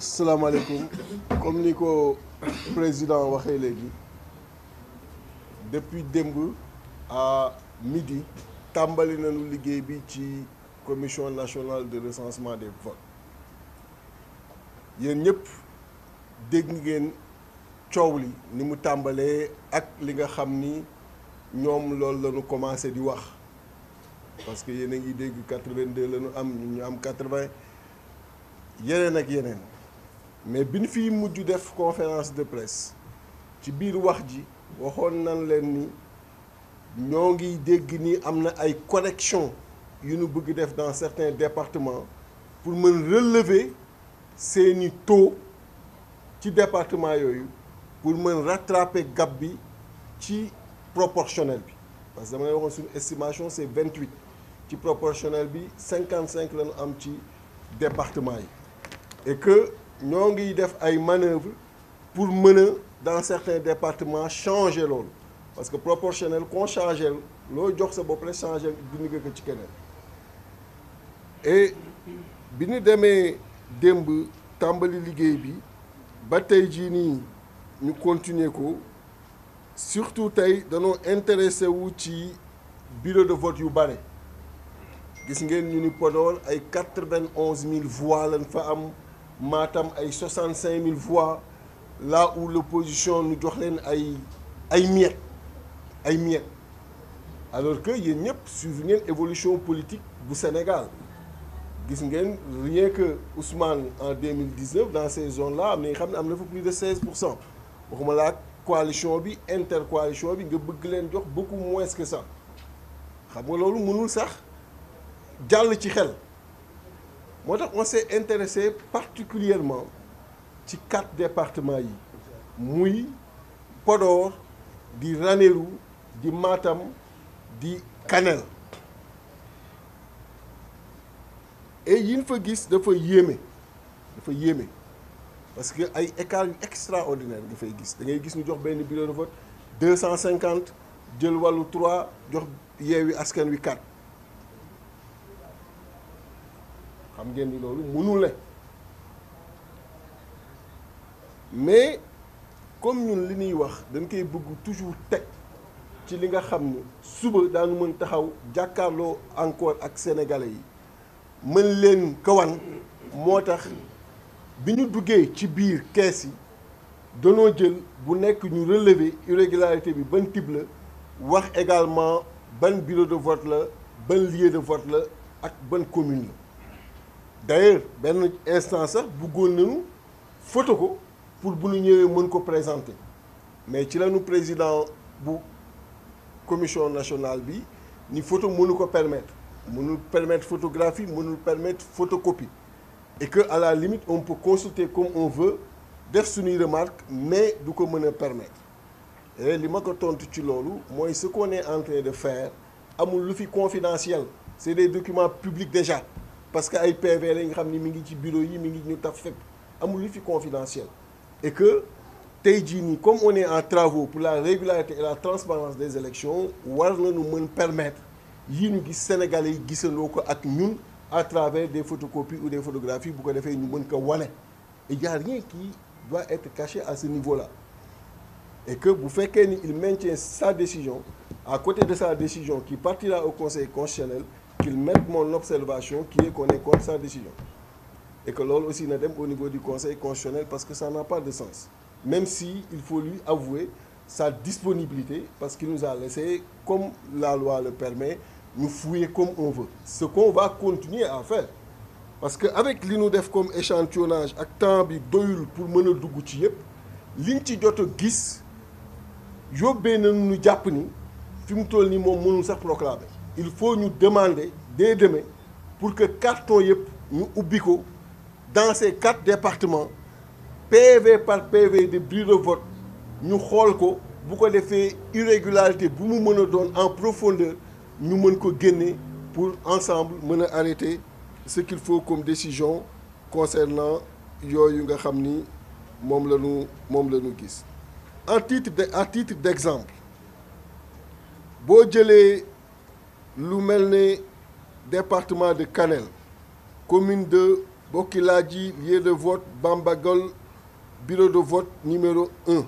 asalaamaaleykum comme ni ko président waxee léegi depuis démb à midi tàmbali nañu liggéey bi ci commission nationale de recensement des votes yéen ñëpp dégg ngeen coow li ni mu tàmbalee ak li nga xam ni ñoom loolu la ñu commencé di wax parce que yéen a ngi dégg 82 de ñu am ñu am quatre 80 yeneen ak yeneen. mais bi ñu fiy mujj def conférence de presse ci biir wax ji waxoon nan leen ni ñoo ngi dégg ni am na ay correction yu ñu bëgg def dans certains départements pour mën relever seeni taux ci département yooyu pour mën rattraper gap bi ci proportionnel bi parce que dama lay waxoon suñu estimation c'est vingt huit ci proportionnel bi cinquante cinq la am ci département yi ñoo ngi def ay manœuvres pour mën a dans certains départements changer loolu parce que proportionnel qu'on changer loo jox sa bopp rek changer dindi nga ko ci keneen et bi ñu demee démb tàmbali liggéey bi ba tey jii nii ñu continuer ko surtout tey danoo intéressé wu ci bureau de vote yu bare gis ngeen ñu ni Podor ay quatre-vingt-onze mille voix lañ fa am tam ay soixante cinq mille voix là où l'opposition ñu jox leen ay ay miettes ay miettes alors que yéen ñëpp suivre ngeen évolution politique bu Sénégal gis ngeen rien que Ousmane en 2019 dans ces zones là am na xam ne am na fa plus de 16 pour cent waxuma laa coalition bi intercoalition bi nga bëgg leen jox beaucoup moins que ça xam nga loolu mënul sax jàll ci xel. moo tax on s'est intéressé particulièrement ci quatre départements yi muy Podor di Ranérou di maatam di Kanel et yiñ fa gis dafa yéeme dafa yéeme parce que ay écart yu extraordinaire nga fay gis da ngay gis ñu jox benn bureau de cent cinquante jël wàllu trois jox Yewwi Askan Wi quatre xam ngeen ni loolu mënul ne mais comme ñun li ñuy wax dañ koy bëgg toujours teg ci li nga xam ni suba daanu mën taxaw jàkkaarloo encore ak sénégalais yi mën leen kawan moo tax bi ñu duggee ci biir kees yi danoo jël bu nekk ñu relever irrégularité bi ban type la wax également ban bureau de vote la ban lieu de vote la ak ban commune la d'ailleurs benn instant sax bu bëggoon nañu photo ko pour bu ñëwee mën ko présenter mais ci lañu président bu commission nationale bi ni photo mënu ko permettre mënul permettre photographie mënul permettre photocopie et que à la limite on peut consulter comme on veut def suñuy remarque mais du ko mën a permettre et li ma ko tontu ci loolu mooy ce qu'on est en de faire amul lu fi confidentiel c'est des documents publics déjà parce que ay PV la nga xam ni mi ngi ci bureau yi mi ngi ñu tax fépp amul lu fi confidentiel et que tey jii nii comme on est en travaux pour la régularité et la transparence des élections war na nañu mën permettre yi ñu gis Sénégalais yi gisandoo ko ak ñun à travers des photocopies ou des photographies bu ko defee ñu mën ko wane et y a rien qui doit être caché à ce niveau-là et que bu fekkee ni il maintient sa décision à côté de sa décision qui partira au conseil constitutionnel qu'il mette mon observation qui est qu'on sa décision et que loolu aussi na dem au niveau du conseil constitutionnel parce que ça n'a pas de sens même si il faut lui avouer sa disponibilité parce qu'il nous a laissé comme la loi le permet ñu fouiller comme on veut ce qu'on va continuer à faire parce que avec li ñu def comme échantillonnage ak temps bi doyul pour mën a dugg ci yëpp liñ ci jot a gis yóbbee nañu ñu jàpp ni fi mu toll ni moom mënul sax proclamer il faut dès demain pour que carton yëpp ñu ubbi ko dans ces quatre départements PV par PV de bureau de vote ñu xool ko bu ko defee irrégularité bu mu mën a doon en profondeur ñu mën ko génne pour ensemble mën a arrêter ce qu'il faut comme décision concernant yooyu nga xam ni moom la moom la ñu gis en titre de à titre d'exemple boo jëlee lu mel ne département de Kanel commune de ji lieu de vote Bambagol bureau de vote numéro un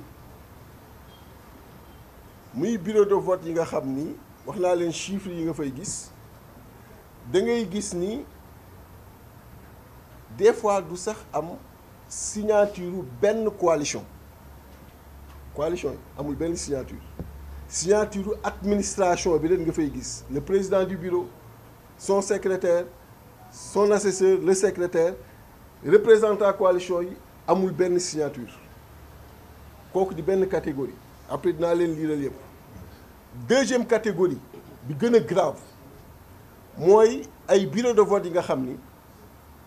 muy bureau de vote yi nga xam ni wax naa leen chiffres yi nga fay gis da ngay gis ni des fois du sax am signature benn coalition coalition amul benn signature signature administration bi leen nga fay gis le président du bureau son secrétaire son assesseur le secrétaire représentant coalition yi amul benn signature kooku di benn catégorie après dinaa leen lii liiral yëpp deuxième catégorie bi gën a grave mooy ay bureau de vote yi nga xam ni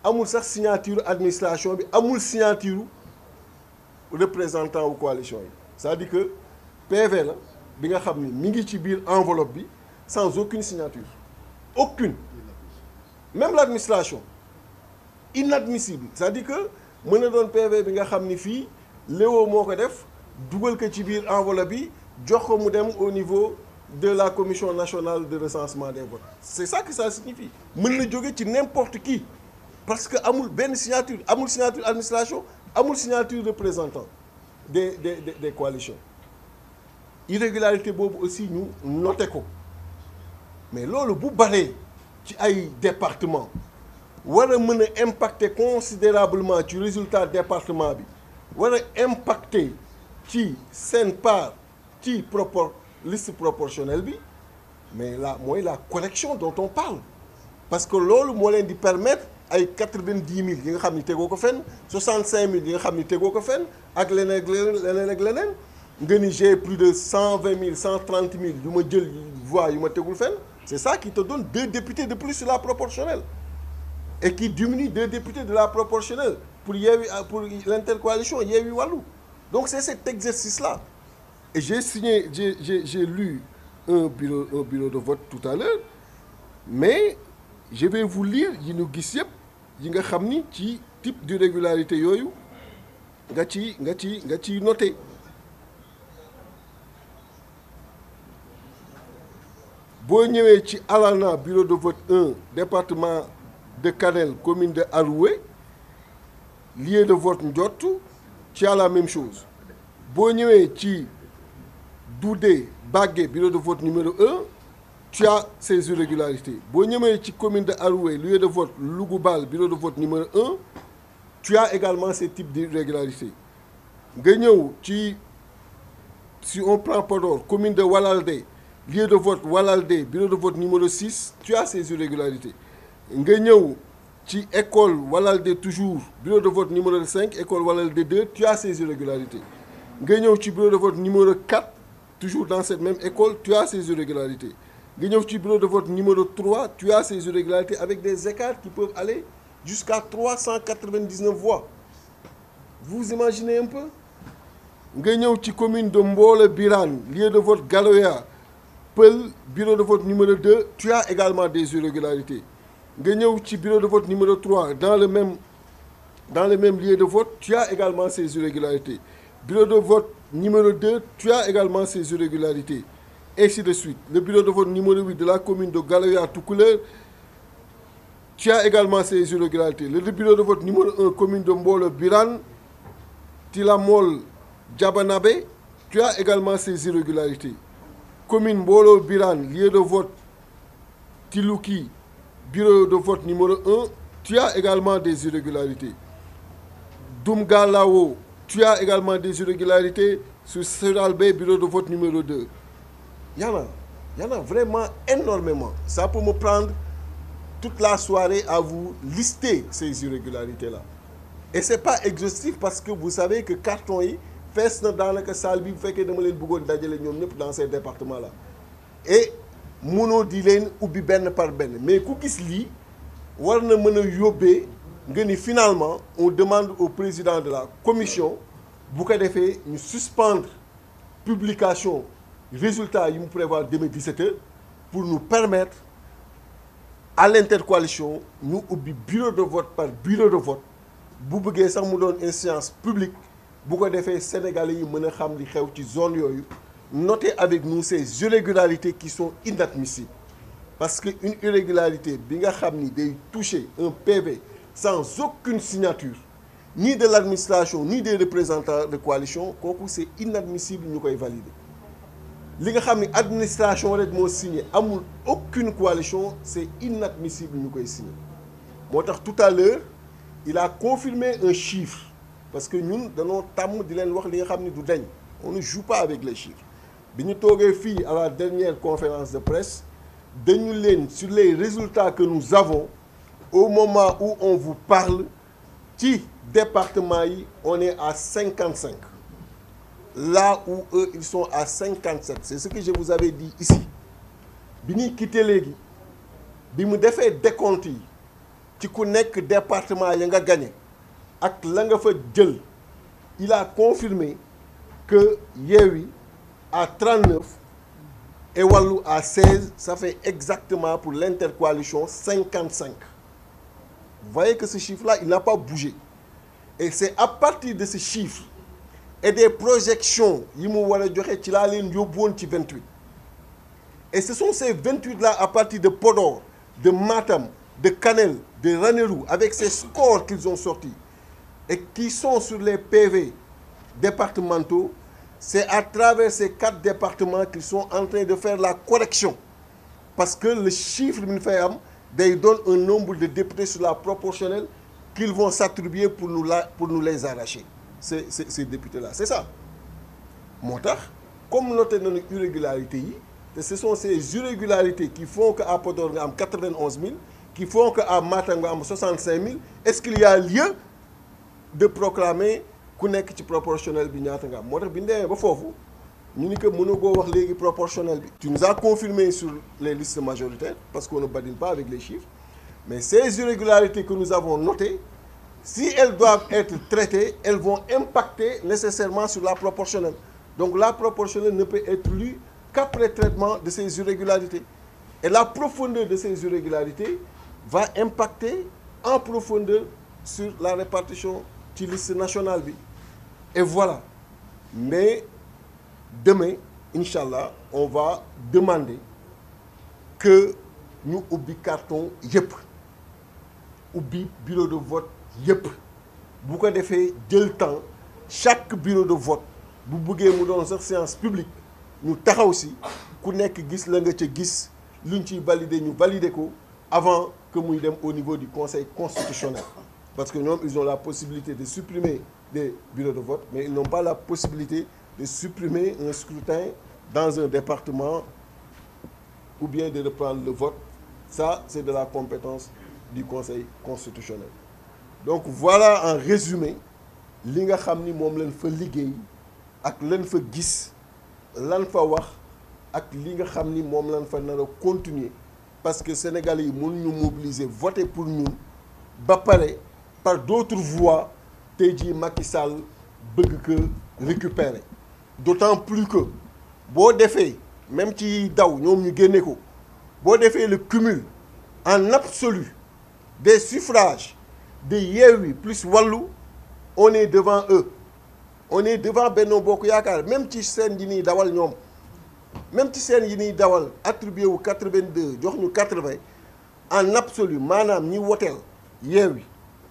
amul sax signature administration bi amul signature représentant wu coalition yi cest di que PV la bi nga xam ni mi ngi ci biir enveloppe bi sans aucune signature aucune même l'administration inadmissible c'est-à-dire que mën na doon PV bi nga xam ni fii Léo moo ko def dugal ko ci biir enveloppe bi jox ko mu dem au niveau de la commission nationale de recensement des votes c'est ça que ça signifie mën la jóge ci n'importe qui parce que amul benn signature amul signature administration amul signature représentant des des des coalitions irrégularité boobu aussi ñu noté ko mais loolu bu baree ci ay département war a mën a impacter considérablement ci résultat département bi war a impacter ci seen part ci propor liste proportionnelle bi mais là mooy la correction dont on parle parce que loolu moo leen di permettre ay quatre-vingt-dix mille yi nga xam ni tegoo ko fenn soixante-cinq mille yi nga xam ni tegoo ko fenn ak leneen ak leneen leneen ak leneen nga ni j'ai plus de cent vingt mille cent trente mille yu ma jël voix yu ma tegul fen C'est ça qui te donne deux députés de plus sur la proportionnelle. Et qui diminue deux députés de la proportionnelle pour, Yéwi, euh, pour l'intercoalition Yewi Walou. Donc c'est cet exercice-là. Et j'ai signé, j'ai lu un bureau, un bureau de vote tout à l'heure, mais je vais vous lire yi ñu gis yëpp yi nga xam ni ci type d'irrégularité yooyu nga ci nga ci nga ciy noté boo ñëwee ci Alana bureau de vote 1 département de Kanel commune de Aroué lieu de vote Ndiott ci à la même chose boo ñëwee ci Doudé Bagué bureau de vote numéro 1 tu as ces irrégularités boo ñëwee ci commune de Aroué lieu de vote Lougoubal bureau de vote numéro 1 tu as également ces types d'irrégularités nga ñëw ci si on prend Podor commune de Walalde lieu de vote Walalde bureau de vote numéro 6 tu as ces irrégularités nga ñëw ci école Walalde toujours bureau de vote numéro cinq école Walalde 2 tu as nga ñëw ci bureau de vote numéro 4 toujours dans cette même école tu as ces irrégularités nga ñëw ci bureau de vote numéro 3 tu as ces irrégularités avec des écarts qui peuvent aller jusqu'à 399 voix vous imaginez un peu nga ñëw ci commune de Mboola Birane lieu de vote Galoya Peul bureau de vote numéro 2 tu as également des irrégularités nga ñëw ci bureau de vote numéro 3 dans le même dans le même lieu de vote tu as également ces irrégularités bureau de vote numéro 2 tu as également ces irrégularités ainsi de suite le bureau de vote numéro 8 de la commune de Galoya Toucouleur tu as également ces irrégularités le bureau de vote numéro 1 commune de Mbolo Birane Tilamol Diabanabé tu as également ces irrégularités commune Mbolo Birane lieu de vote Tilouki bureau de vote numéro un tu également des irrégularités Doumgalawo tu as également des irrégularités sur Séral Bay bureau de vote numéro deux y en a y en a vraiment énormément ça peut me prendre toute la soirée à vous lister ces irrégularités la et c'est pas exhaustif parce que vous savez que carton yi fees na daanaka salle bi bu fekkee dama leen bëggoon dajale ñoom ñëpp dans ces départements la et mënoo di leen ubbi benn par benn mais ku gis lii war na mën a yóbbee nga ni finalement on demande au président de la commission bu ko defee ñu suspendre publication résultat yi mu prévoir demain 17 heures pour nous permettre à l'intercoalition ñu ubbi bureau de vote par bureau de vote bu bëggee sax mu doon instance publique bu ko defee sénégalais yi mën a xam li xew ci zone yooyu notez avec nous ces irrégularités qui sont inadmissibles parce que une irrégularité bi nga xam ni day toucher un PV sans aucune signature ni de l'administration ni des représentants de coalition kooku c'est inadmissible ñu koy valider li nga xam ni administration rek moo signé amul aucune coalition c'est inadmissible ñu koy signé moo tax tout à l'heure il a confirmé un chiffre parce que ñun dañoo tàmm di leen wax li nga xam ni du dañ on ne joue pas avec les chiffres bi ñu toogee fii à la dernière conférence de presse dañu leen sur les résultats que nous avons au moment où on vous parle ci département yi on est à 55 là où eux ils sont à 57 c'est ce que je vous avais dit ici bi ñuy quitté léegi bi mu defee décompte yi ci ku nekk département yi nga gagné ak la nga fa jël il a confirmé que Yewwi à trente 39 et Wallu à 16 ça fait exactement pour l'intercoalition 55 vous que ce chiffre là il n'a pas bougé et c'est à partir de ce chiffre et des projections yi mu war a joxe ci la leen yóbbu woon ci 28 et ce sont ces 28 là à partir de Podor de Matam de Kanel de Ranérou avec ces scores qu'ils ont sortis et qui sont sur les PV départementaux, c'est à travers ces quatre départements qu'ils sont en de faire la correction. Parce que le chiffre ils donne un nombre de députés sur la proportionnelle qu'ils vont s'attribuer pour nous, la, pour nous les arracher, ces, ces, ces députés-là. C'est ça. Montar, comme noté dans irrégularité, ce sont ces irrégularités qui font qu'à Podor, 91 000, qui font qu'à Matang, 65 000. Est-ce qu'il y a lieu de proclamer ku nekk ci proportionnel bi ñaata nga am moo tax ba foofu ñu ni que mënagoo wax léegi proportionnel bi. tu nous as confirmé sur les listes majoritaires parce qu'on ne badine pas avec les chiffres mais ces irrégularités que nous avons notées si elles doivent être traitées elles vont impacter nécessairement sur la proportionnelle donc la proportionnelle ne peut être lue qu'après traitement de ces irrégularités et la profondeur de ces irrégularités va impacter en profondeur sur la répartition ci liste nationale bi et voilà mais demain incha allah on va demander que ñu ubbi carton yëpp ubbi bureau de vote yëpp bu ko defee jël temps chaque bureau de vote bu bëggee mu doon sax séance publique ñu taxaw si ku nekk gis la nga ca gis luñ ciy valider ñu valider ko avant que muy dem au niveau du conseil constitutionnel Parce que ñoom ils ont la possibilité de supprimer des bureaux de vote, mais ils n'ont pas la possibilité de supprimer un scrutin dans un département ou bien de reprendre le vote. Ça, c'est de la compétence du Conseil constitutionnel. Donc voilà en résumé li nga xam ni moom leen fa liggéey ak leen fa gis lan fa wax ak li nga xam ni moom lan fa nar a continuer parce que sénégal yi mënuñu mobiliser voter pour ñun ba pare par d'autres voies te jii Macky Sall bëgg ko récupérer d'autant plus que boo defee même ci daw ñoom ñu génne ko boo defee le cumul en absolu des suffrages de Yewwi plus Wallu on est devant eux on est devant Benno Bokk Yaakaar même ci seen yi nii dawal ñoom même ci seen yi nii dawal attribué wu deux jox ñu quatre 80 en absolu maanaam ñi woteel yeew yi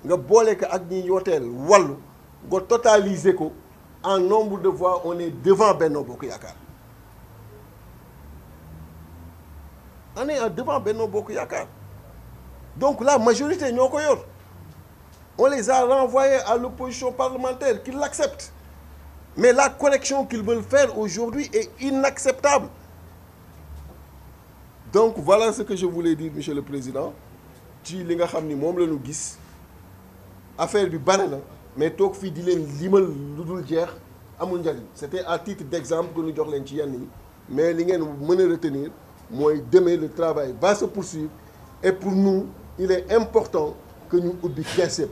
nga boole ko ak ñi yooteel wàllu nga totaliser ko en nombre de voix on est devant Benno Bokk Yaakaar on est devant Benno Bokk Yaakaar donc la majorité ñoo ko yor on les a renvoyés à l'opposition parlementaire qui l'accepte mais la correction qu'ils veulent faire aujourd'hui est inacceptable donc voilà ce que je voulais dire monsieur le président ci li nga xam ni moom la ñu gis affaire bi bare na mais toog fii di leen limal lu dul jeex amul njariñ c'était à titre d'exemple que ñu jox leen ci yenn yi mais li ngeen mën a retenir mooy demee le travail va se poursuivre et pour nous il est important que ñu ubbi kees yëpp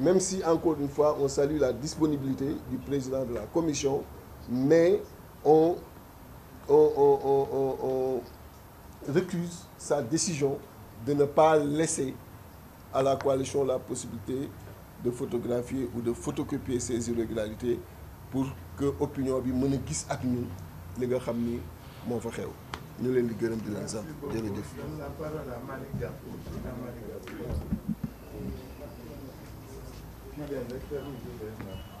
même si encore une fois on salue la disponibilité du président de la commission mais on on on on on, on récuse sa décision de ne pas laisser à la coalition la possibilité de photographier ou de photocopier ces irrégularités pour que opinion bi mën a gis ak ñun li nga xam ni moo fa xew ñu leen di gërëm di leen sant jërëjëf. Malick